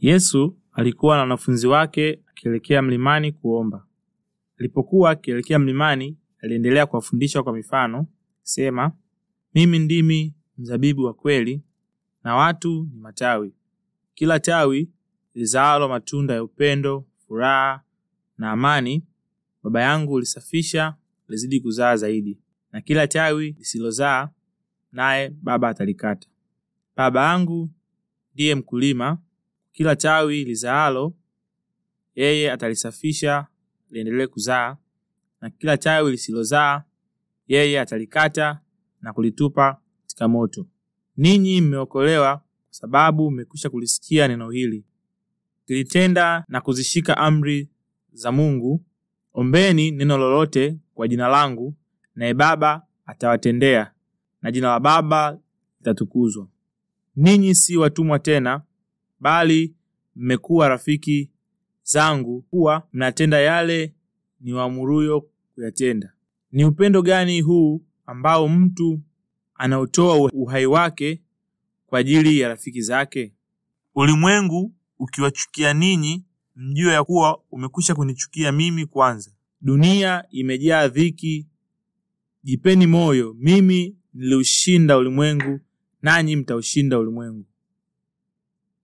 Yesu alikuwa na wanafunzi wake akielekea mlimani kuomba. Alipokuwa akielekea mlimani, aliendelea kuwafundisha kwa mifano sema, mimi ndimi mzabibu wa kweli na watu ni matawi. Kila tawi lizaalo matunda ya upendo, furaha na amani, Baba yangu ulisafisha lizidi kuzaa zaidi, na kila tawi lisilozaa naye Baba atalikata. Baba yangu ndiye mkulima kila tawi lizaalo yeye atalisafisha liendelee kuzaa, na kila tawi lisilozaa yeye atalikata na kulitupa katika moto. Ninyi mmeokolewa kwa sababu mmekwisha kulisikia neno hili, kilitenda na kuzishika amri za Mungu. Ombeni neno lolote kwa jina langu, naye Baba atawatendea, na jina la Baba litatukuzwa. Ninyi si watumwa tena, bali mmekuwa rafiki zangu kuwa mnatenda yale niwaamuruyo kuyatenda. Ni upendo gani huu ambao mtu anaotoa uhai wake kwa ajili ya rafiki zake? Ulimwengu ukiwachukia ninyi, mjue ya kuwa umekwisha kunichukia mimi kwanza. Dunia imejaa dhiki, jipeni moyo, mimi niliushinda ulimwengu, nanyi mtaushinda ulimwengu.